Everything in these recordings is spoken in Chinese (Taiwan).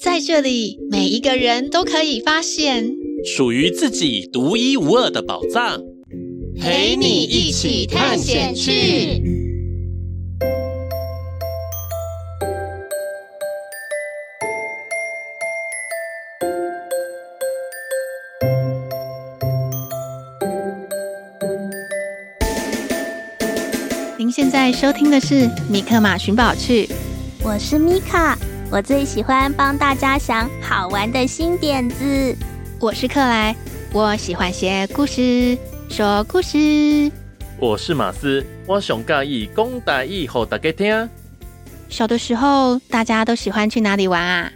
在這裡，每一個人都可以發現屬於自己獨一無二的寶藏，陪你一起探險去。您現在收聽的是《米克馬尋寶趣》，我是米卡。我最喜歡幫大家想好玩的新點子。我是克萊，我喜歡寫故事、說故事。我是馬斯，我想可以講大義給大家聽。小的時候，大家都喜歡去哪裡玩啊？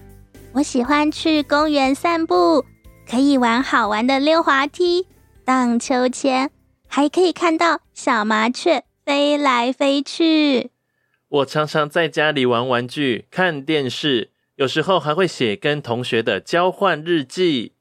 我喜歡去公園散步，可以玩好玩的溜滑梯、盪秋千，還可以看到小麻雀飛來飛去。我常常在家裡玩玩具、看電視，有時候還會寫跟同學的交換日記。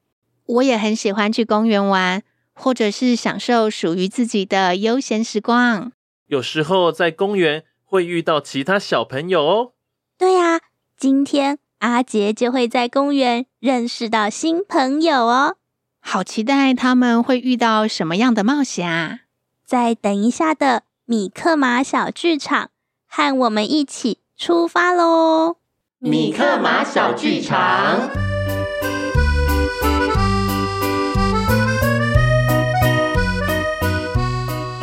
我也很喜歡去公園玩，或者是享受屬於自己的悠閒時光。有時候在公園會遇到其他小朋友哦。對啊，今天阿杰就會在公園認識到新朋友哦。好期待他們會遇到什麼樣的冒險啊！在等一下的米克馬小劇場。和我們一起出發嘍！米克馬小劇場。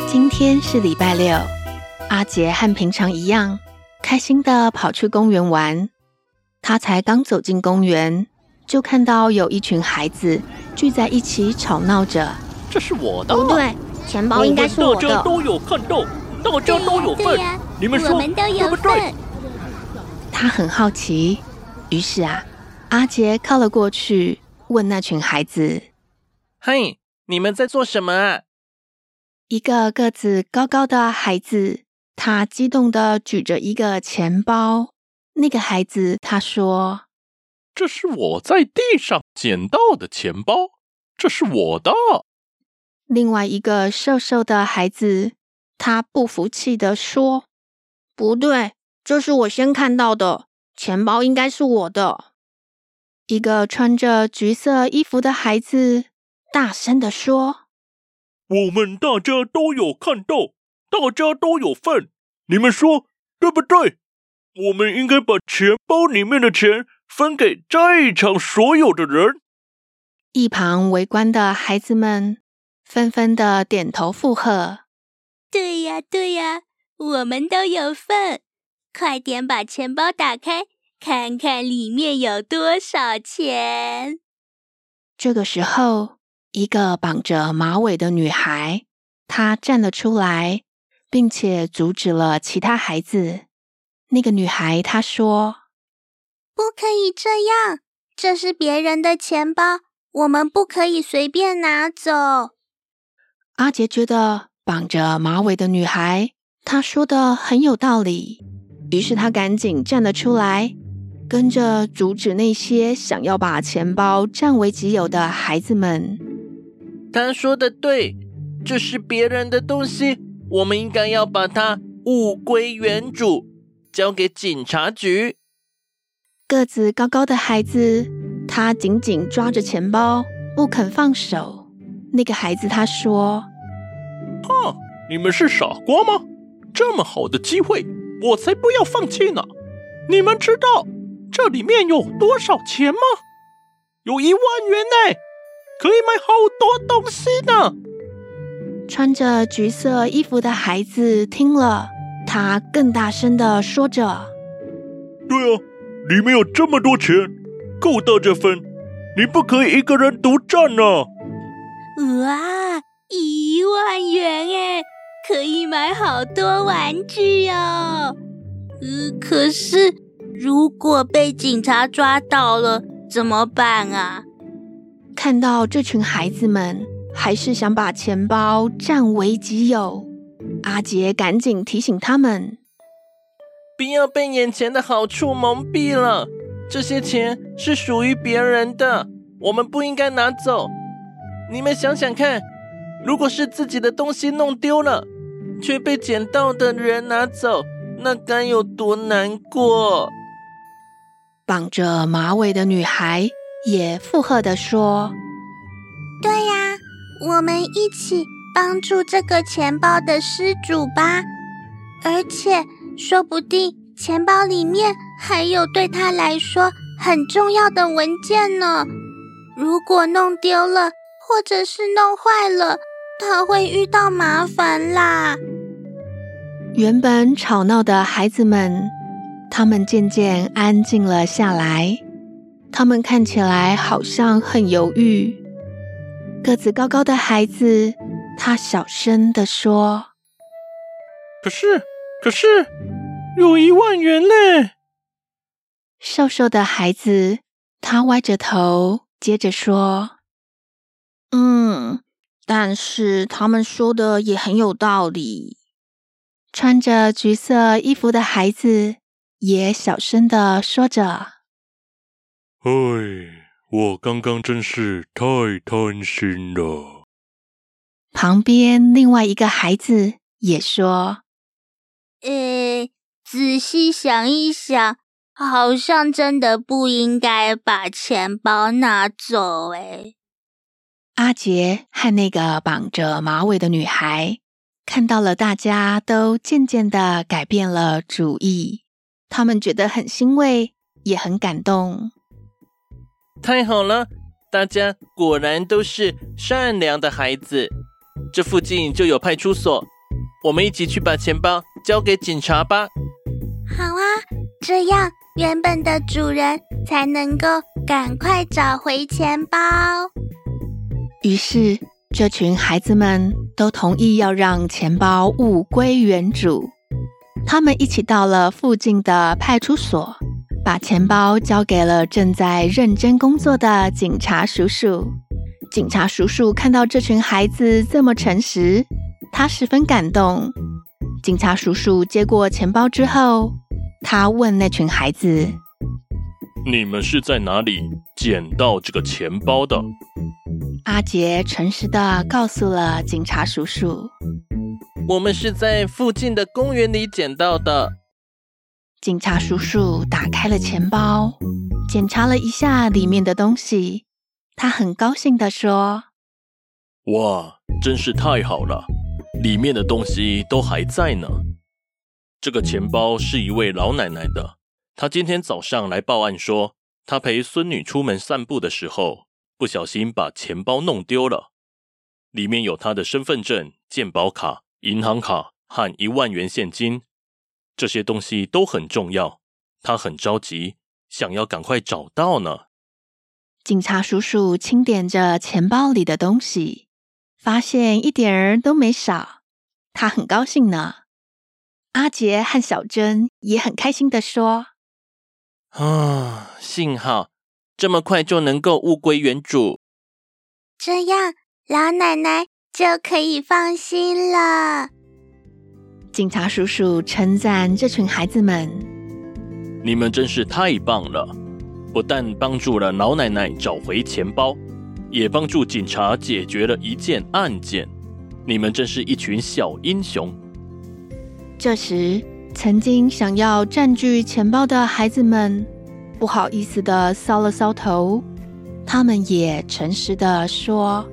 今天是禮拜六，阿杰和平常一樣，開心地跑去公園玩。他才剛走進公園，就看到有一群孩子聚在一起吵鬧着：“這是我的！”不對，錢包應該是我的。我的都有看到。那我這都有份，對對，你們說，不對，我們都有份。他很好奇，於是啊，阿杰靠了過去，問那群孩子：“嘿，hey, 你們在做什麼？”一個個子高高的孩子，他激動的舉着一個錢包。那個孩子他說：“這是我在地上撿到的錢包，這是我的。”另外一個瘦瘦的孩子，他不服氣地說：“不對，這是我先看到的，錢包應該是我的。”一個穿着橘色衣服的孩子大聲地說：“我們大家都有看到，大家都有份，你們說對不對？我們應該把錢包裡面的錢分給在場所有的人。”一旁圍觀的孩子們紛紛的點頭附和。對呀，對呀，我們都有份。快點把錢包打開，看看裡面有多少錢。這個時候，一個綁着馬尾的女孩，她站了出來，並且阻止了其他孩子。那個女孩她說：“不可以這樣，這是別人的錢包，我們不可以隨便拿走。”阿杰覺得。綁着馬尾的女孩，她說的很有道理。於是她趕緊站了出來，跟着阻止那些想要把錢包佔為己有的孩子們。他說的對，這、就是別人的東西，我們應該要把它物歸原主，交給警察局。個子高高的孩子，他緊緊抓着錢包不肯放手。那個孩子他說。哼、啊，你們是傻瓜嗎？這麼好的機會，我才不要放棄呢！你們知道這裡面有多少錢嗎？有一萬元呢，可以買好多東西呢。穿着橘色衣服的孩子聽了，他更大聲地說着：“對啊，裡面有這麼多錢，夠大家分，你不可以一個人獨佔呢、啊。”哇！一萬元哎，可以買好多玩具哦。呃，可是如果被警察抓到了怎麼辦啊？看到這群孩子們還是想把錢包占為己有，阿杰趕緊提醒他們，不要被眼前的好處蒙蔽了。這些錢是屬於別人的，我們不應該拿走。你們想想看。如果是自己的東西弄丟了，卻被撿到的人拿走，那該有多難過！綁着馬尾的女孩也附和地說：“對呀、啊，我們一起幫助這個錢包的失主吧。而且，說不定錢包裡面還有對他來說很重要的文件呢。如果弄丟了，或者是弄壞了。”他會遇到麻煩啦！原本吵鬧的孩子們，他們漸漸安靜了下來。他們看起來好像很猶豫。個子高高的孩子，他小聲的說：“可是，可是，有一萬元呢！”瘦瘦的孩子，他歪着頭，接着說：“嗯。”但是他們說的也很有道理。穿着橘色衣服的孩子也小聲的說着：“哎，我剛剛真是太貪心了。”旁邊另外一個孩子也說：“欸，仔細想一想，好像真的不應該把錢包拿走。”哎。阿傑和那個綁着馬尾的女孩看到了，大家都漸漸地改變了主意，他們覺得很欣慰，也很感動。太好了，大家果然都是善良的孩子。這附近就有派出所，我們一起去把錢包交給警察吧。好啊，這樣原本的主人才能夠趕快找回錢包。於是，這群孩子們都同意要讓錢包物歸原主。他們一起到了附近的派出所，把錢包交給了正在認真工作的警察叔叔。警察叔叔看到這群孩子這麼誠實，他十分感動。警察叔叔接過錢包之後，他問那群孩子：“你們是在哪裡撿到這個錢包的？”阿杰誠實的告訴了警察叔叔：“我們是在附近的公園裡撿到的。”警察叔叔打開了錢包，檢查了一下裡面的東西，他很高興的說：“哇，真是太好了！裡面的東西都還在呢。這個錢包是一位老奶奶的，她今天早上來報案說，她陪孫女出門散步的時候。”不小心把錢包弄丟了，裡面有他的身份證、健保卡、銀行卡和一萬元現金，這些東西都很重要，他很着急，想要趕快找到呢。警察叔叔清點着錢包裡的東西，發現一點兒都沒少，他很高興呢。阿杰和小珍也很開心地說：“啊，幸好。”這麼快就能夠物歸原主，這樣老奶奶就可以放心了。警察叔叔稱讚這群孩子們：“你們真是太棒了！不但幫助了老奶奶找回錢包，也幫助警察解決了一件案件。你們真是一群小英雄。”這時，曾經想要占據錢包的孩子們。不好意思的搔了搔頭，他們也誠實的說：“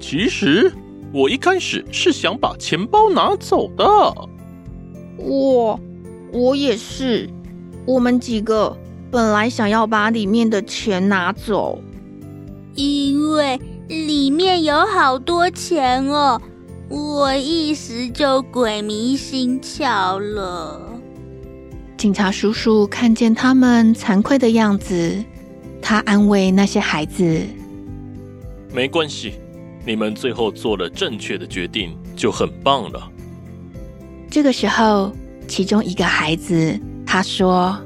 其實我一開始是想把錢包拿走的。我”“我，我也是，我們幾個本來想要把裡面的錢拿走，因為裡面有好多錢哦，我一時就鬼迷心竅了。”警察叔叔看見他們慚愧的樣子，他安慰那些孩子：“沒關係，你們最後做了正確的決定，就很棒了。”這個時候，其中一個孩子他說：“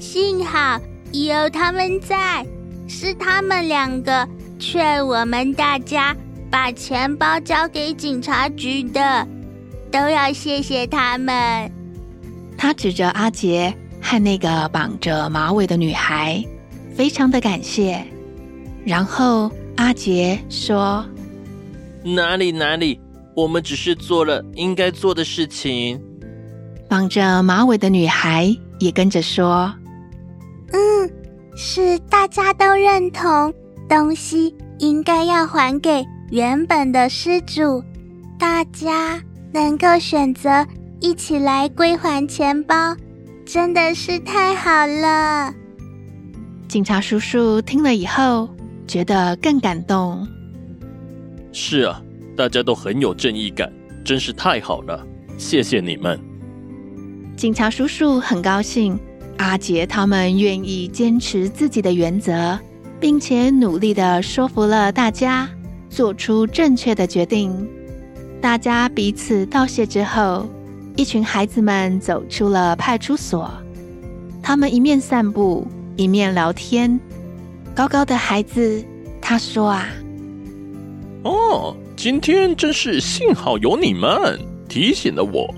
幸好有他們在，是他們兩個勸我們大家把錢包交給警察局的，都要謝謝他們。”他指着阿杰和那個綁着馬尾的女孩，非常的感謝。然後阿杰說：“哪裡哪裡，我們只是做了應該做的事情。”綁着馬尾的女孩也跟着說：“嗯，是大家都認同，東西應該要還給原本的失主。大家能夠選擇。”一起來歸還錢包，真的是太好了！警察叔叔聽了以後，覺得更感動。是啊，大家都很有正義感，真是太好了！謝謝你們。警察叔叔很高興，阿杰他們願意堅持自己的原則，並且努力的說服了大家，做出正確的決定。大家彼此道謝之後，一群孩子們走出了派出所，他們一面散步，一面聊天。高高的孩子他說：“啊，哦，今天真是幸好有你們提醒了我，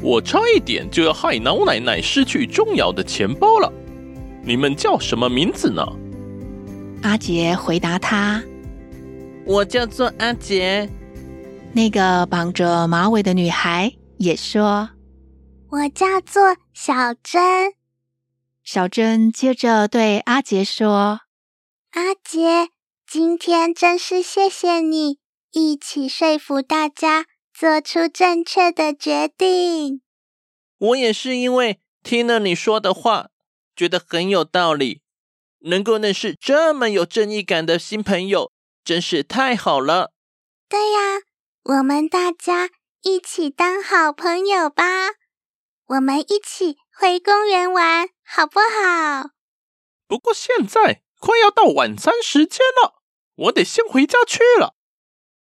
我差一點就要害老奶奶失去重要的錢包了。你們叫什麼名字呢？”阿杰回答他：“我叫做阿杰。”那個綁着馬尾的女孩。也說，我叫做小珍。小珍接着對阿杰說：“阿杰，今天真是謝謝你，一起說服大家做出正確的決定。我也是因為聽了你說的話，覺得很有道理。能夠認識這麼有正義感的新朋友，真是太好了。”對呀，我們大家。一起當好朋友吧，我們一起回公園玩好不好？不過現在快要到晚餐時間了，我得先回家去了。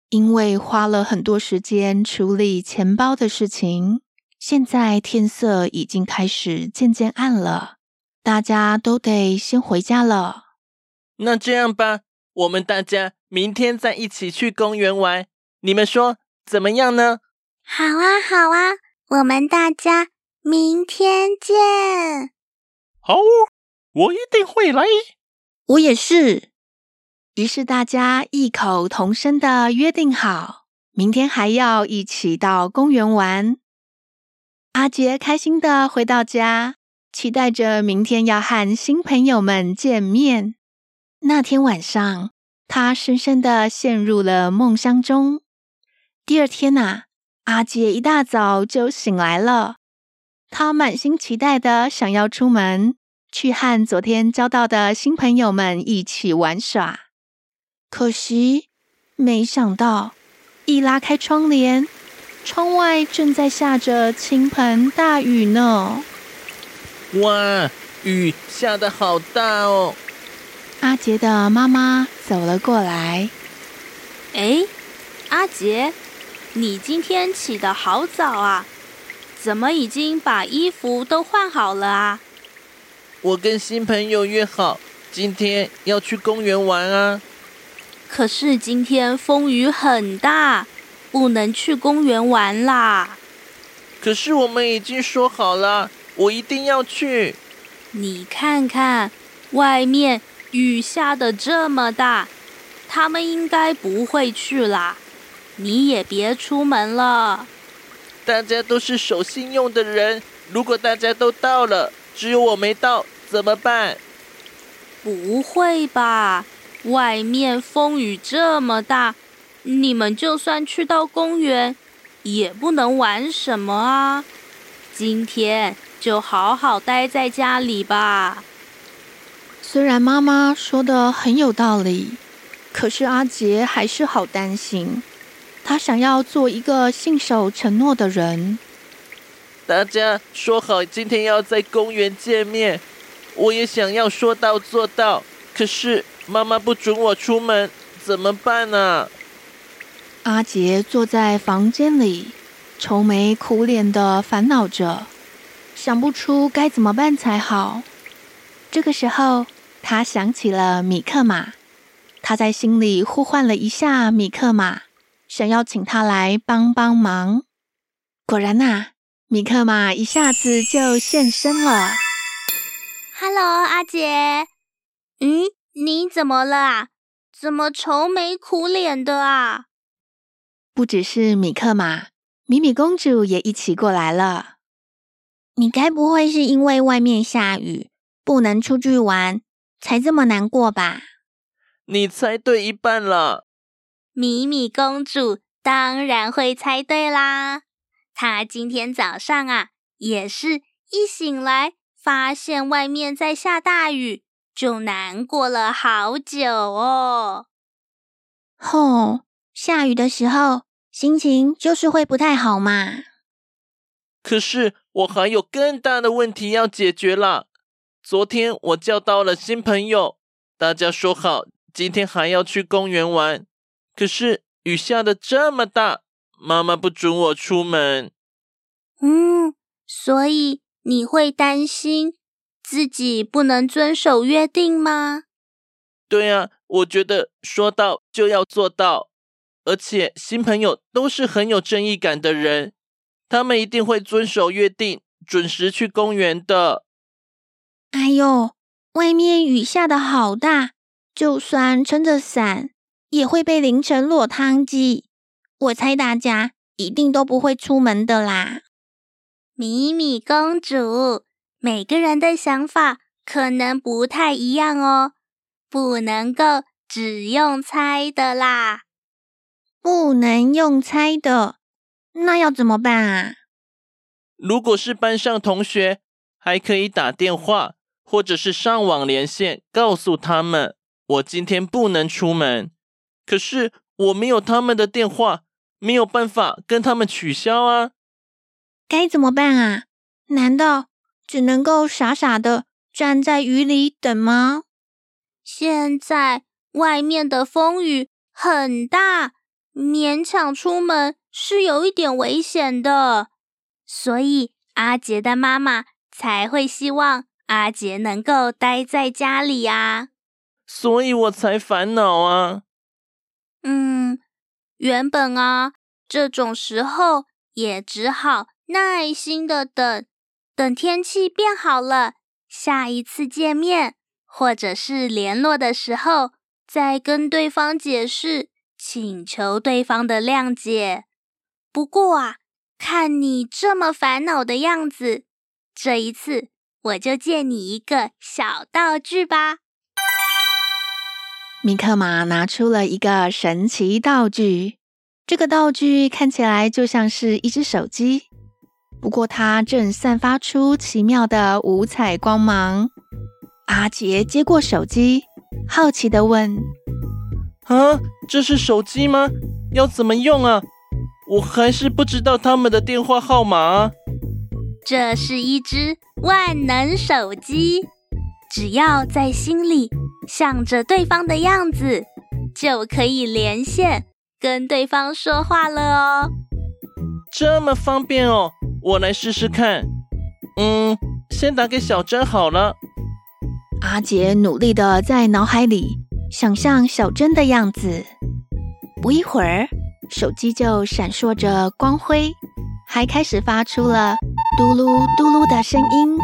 因為花了很多時間處理錢包的事情，現在天色已經開始漸漸暗了，大家都得先回家了。那這樣吧，我們大家明天再一起去公園玩，你們說怎麼樣呢？好啊，好啊！我們大家明天見。好，我一定會來。我也是。於是大家異口同聲的約定好，明天還要一起到公園玩。阿杰開心的回到家，期待着明天要和新朋友們見面。那天晚上，他深深的陷入了夢鄉中。第二天吶、啊。阿傑一大早就醒來了，他滿心期待的想要出門，去和昨天交到的新朋友們一起玩耍。可惜，沒想到一拉開窗簾，窗外正在下着傾盆大雨呢。哇，雨下得好大哦！阿傑的媽媽走了過來，哎，阿傑。你今天起得好早啊，怎麼已經把衣服都換好了啊？我跟新朋友約好今天要去公園玩啊。可是今天風雨很大，不能去公園玩啦。可是我們已經說好了，我一定要去。你看看，外面雨下得這麼大，他們應該不會去啦。你也別出門了。大家都是守信用的人，如果大家都到了，只有我沒到，怎麼辦？不會吧？外面風雨這麼大，你們就算去到公園，也不能玩什麼啊。今天就好好待在家裡吧。雖然媽媽說的很有道理，可是阿杰還是好擔心。他想要做一個信守承諾的人。大家說好今天要在公園見面，我也想要說到做到。可是媽媽不准我出門，怎麼辦呢？阿杰坐在房間裡，愁眉苦臉的煩惱着，想不出該怎麼辦才好。這個時候，他想起了米克馬，他在心裡呼喚了一下米克馬。想要請他來幫幫忙，果然吶、啊，米克馬一下子就現身了。Hello，阿杰，嗯，你怎麼了啊？怎麼愁眉苦臉的啊？不只是米克馬，米米公主也一起過來了。你該不會是因為外面下雨，不能出去玩，才這麼難過吧？你猜對一半了。米米公主當然會猜對啦！她今天早上啊，也是一醒來發現外面在下大雨，就難過了好久哦。吼，下雨的時候心情就是會不太好嘛。可是我還有更大的問題要解決啦！昨天我交到了新朋友，大家說好今天還要去公園玩。可是雨下得這麼大，媽媽不准我出門。嗯，所以你會擔心自己不能遵守約定嗎？對啊，我覺得說到就要做到，而且新朋友都是很有正義感的人，他們一定會遵守約定，準時去公園的。哎呦，外面雨下得好大，就算撐着傘。也會被淋成落湯雞，我猜大家一定都不會出門的啦。米米公主，每個人的想法可能不太一樣哦，不能夠只用猜的啦，不能用猜的，那要怎麼辦啊？如果是班上同學，還可以打電話或者是上網連線，告訴他們我今天不能出門。可是我沒有他們的電話，沒有辦法跟他們取消啊！該怎麼辦啊？難道只能夠傻傻的站在雨裡等嗎？現在外面的風雨很大，勉強出門是有一點危險的，所以阿杰的媽媽才會希望阿杰能夠待在家裡啊！所以我才煩惱啊！嗯，原本啊，這種時候也只好耐心的等，等天氣變好了，下一次見面或者是聯絡的時候再跟對方解釋，請求對方的諒解。不過啊，看你這麼煩惱的樣子，這一次我就借你一個小道具吧。米克瑪拿出了一個神奇道具，這個道具看起來就像是一隻手機，不過它正散發出奇妙的五彩光芒。阿杰接過手機，好奇的問：“啊，這是手機嗎？要怎麼用啊？我還是不知道他們的電話號碼啊。”這是一隻萬能手機。只要在心裡想着對方的樣子，就可以連線跟對方說話了哦。這麼方便哦，我來試試看。嗯，先打給小珍好了。阿杰努力地在腦海裡想象小珍的樣子，不一會兒，手機就閃爍着光輝，還開始發出了嘟嚕嘟嚕的聲音。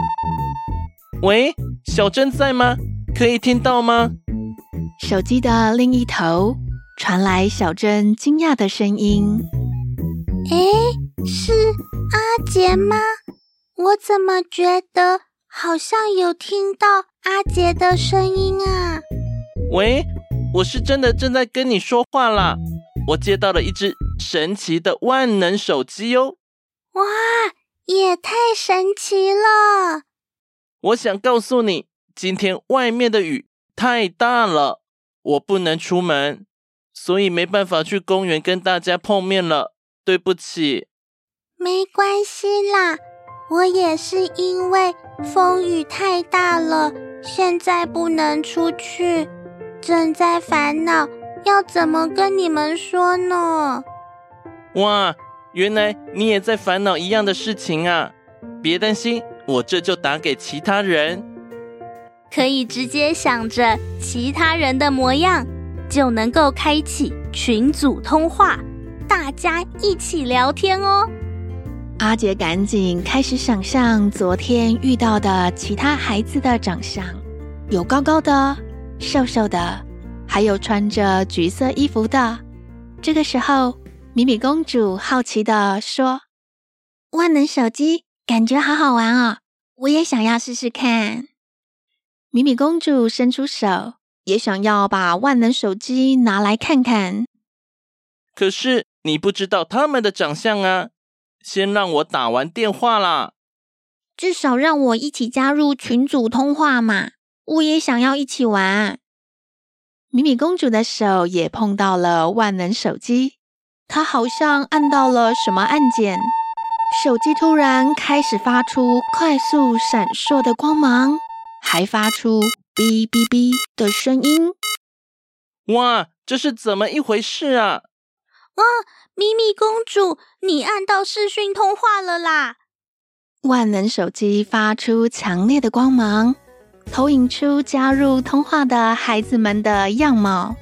喂，小珍在嗎？可以聽到嗎？手機的另一頭傳來小珍驚訝的聲音：“誒，是阿杰嗎？我怎麼覺得好像有聽到阿杰的聲音啊？”喂，我是真的正在跟你說話啦！我接到了一隻神奇的萬能手機喲！哇，也太神奇了！我想告訴你，今天外面的雨太大了，我不能出門，所以沒辦法去公園跟大家碰面了。對不起。沒關係啦，我也是因為風雨太大了，現在不能出去，正在煩惱要怎麼跟你們說呢？哇，原來你也在煩惱一樣的事情啊，別擔心。我這就打給其他人，可以直接想着其他人的模樣，就能夠開啟群組通話，大家一起聊天哦。阿杰趕緊開始想象昨天遇到的其他孩子的長相，有高高的、瘦瘦的，還有穿着橘色衣服的。這個時候，米米公主好奇地說：“萬能手機。”感覺好好玩哦，我也想要試試看。米米公主伸出手，也想要把萬能手機拿來看看。可是你不知道他們的長相啊，先讓我打完電話啦。至少讓我一起加入群組通話嘛，我也想要一起玩。米米公主的手也碰到了萬能手機，她好像按到了什麼按鍵。手機突然開始發出快速閃爍的光芒，還發出“嗶嗶嗶”的聲音。哇，這是怎麼一回事啊？哇，咪咪公主，你按到視訊通話了啦！萬能手機發出強烈的光芒，投影出加入通話的孩子們的樣貌：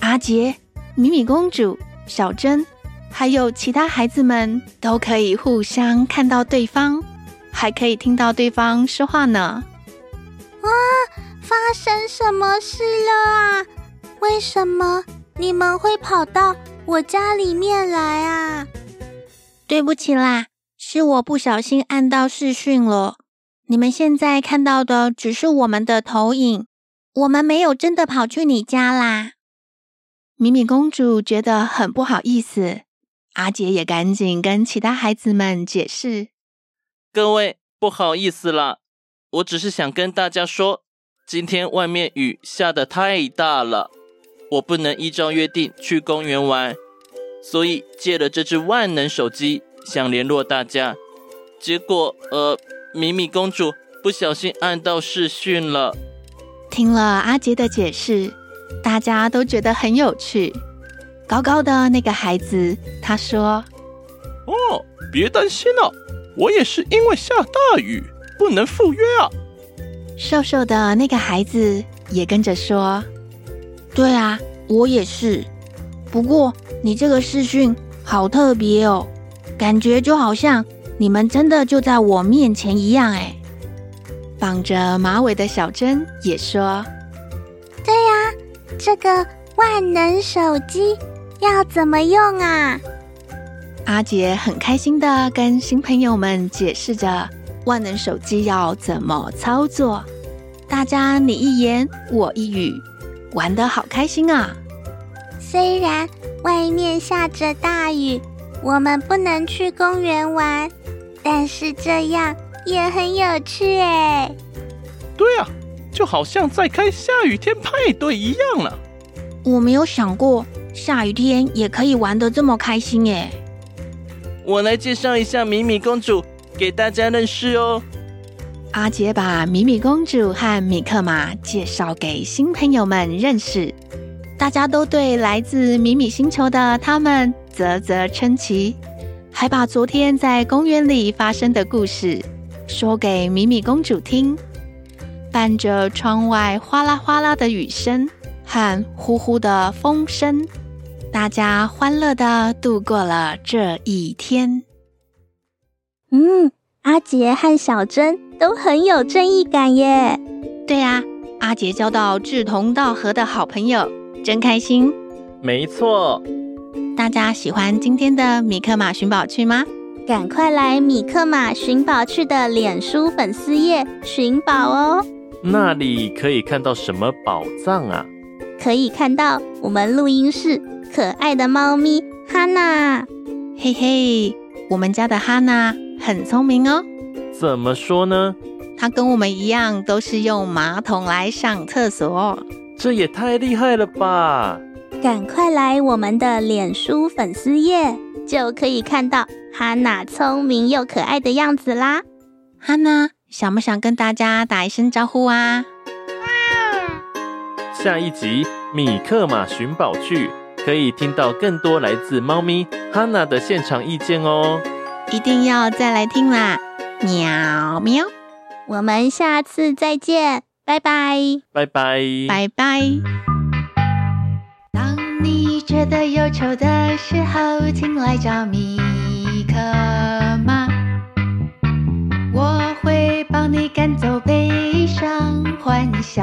阿杰、咪咪公主、小珍。還有其他孩子們都可以互相看到對方，還可以聽到對方說話呢。哇，發生什麼事了啊？為什麼你們會跑到我家裡面來啊？對不起啦，是我不小心按到視訊了。你們現在看到的只是我們的投影，我們沒有真的跑去你家啦。米米公主覺得很不好意思。阿傑也趕緊跟其他孩子們解釋：“各位，不好意思啦，我只是想跟大家說，今天外面雨下得太大了，我不能依照約定去公園玩，所以借了這只萬能手機想聯絡大家。結果，呃，米米公主不小心按到視訊了。”聽了阿傑的解釋，大家都覺得很有趣。高高的那個孩子，他說：“哦，別擔心了、啊，我也是因為下大雨不能赴約啊。”瘦瘦的那個孩子也跟着說：“對啊，我也是。不過你這個視訊好特別哦，感覺就好像你們真的就在我面前一樣。”哎，綁着馬尾的小珍也說：“對呀、啊，這個萬能手機。”要怎麼用啊？阿杰很開心的跟新朋友們解釋着萬能手機要怎麼操作，大家你一言我一語，玩得好開心啊！雖然外面下着大雨，我們不能去公園玩，但是這樣也很有趣哎、欸！對啊，就好像在開下雨天派對一樣了。我沒有想過。下雨天也可以玩得這麼開心耶！我來介紹一下米米公主給大家認識哦。阿杰把米米公主和米克馬介紹給新朋友們認識，大家都對來自米米星球的他們嘖嘖稱奇，還把昨天在公園裡發生的故事說給米米公主聽。伴着窗外嘩啦嘩啦的雨聲和呼呼的風聲。大家歡樂的度過了這一天。嗯，阿杰和小珍都很有正義感耶。對啊，阿杰交到志同道合的好朋友，真開心。沒錯，大家喜歡今天的米克馬尋寶趣嗎？趕快來米克馬尋寶趣的臉書粉絲頁尋寶哦！那裡可以看到什麼寶藏啊？可以看到我們錄音室。可愛的貓咪哈娜，嘿嘿，hey, hey, 我們家的哈娜很聰明哦。怎麼說呢？它跟我們一樣，都是用馬桶來上廁所。這也太厲害了吧！趕快來我們的臉書粉絲頁，就可以看到哈娜聰明又可愛的樣子啦。哈娜想不想跟大家打一聲招呼啊？下一集米克馬尋寶趣。可以聽到更多來自貓咪 Hanna 的現場意見哦！一定要再來聽啦！喵喵，我們下次再見，拜拜，拜拜 bye，拜拜 bye。當你覺得憂愁的時候，請來找米克馬，我會幫你趕走悲傷，歡笑。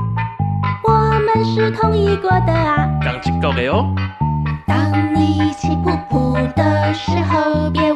我們是同一國的啊，當你氣噗噗的時候，別。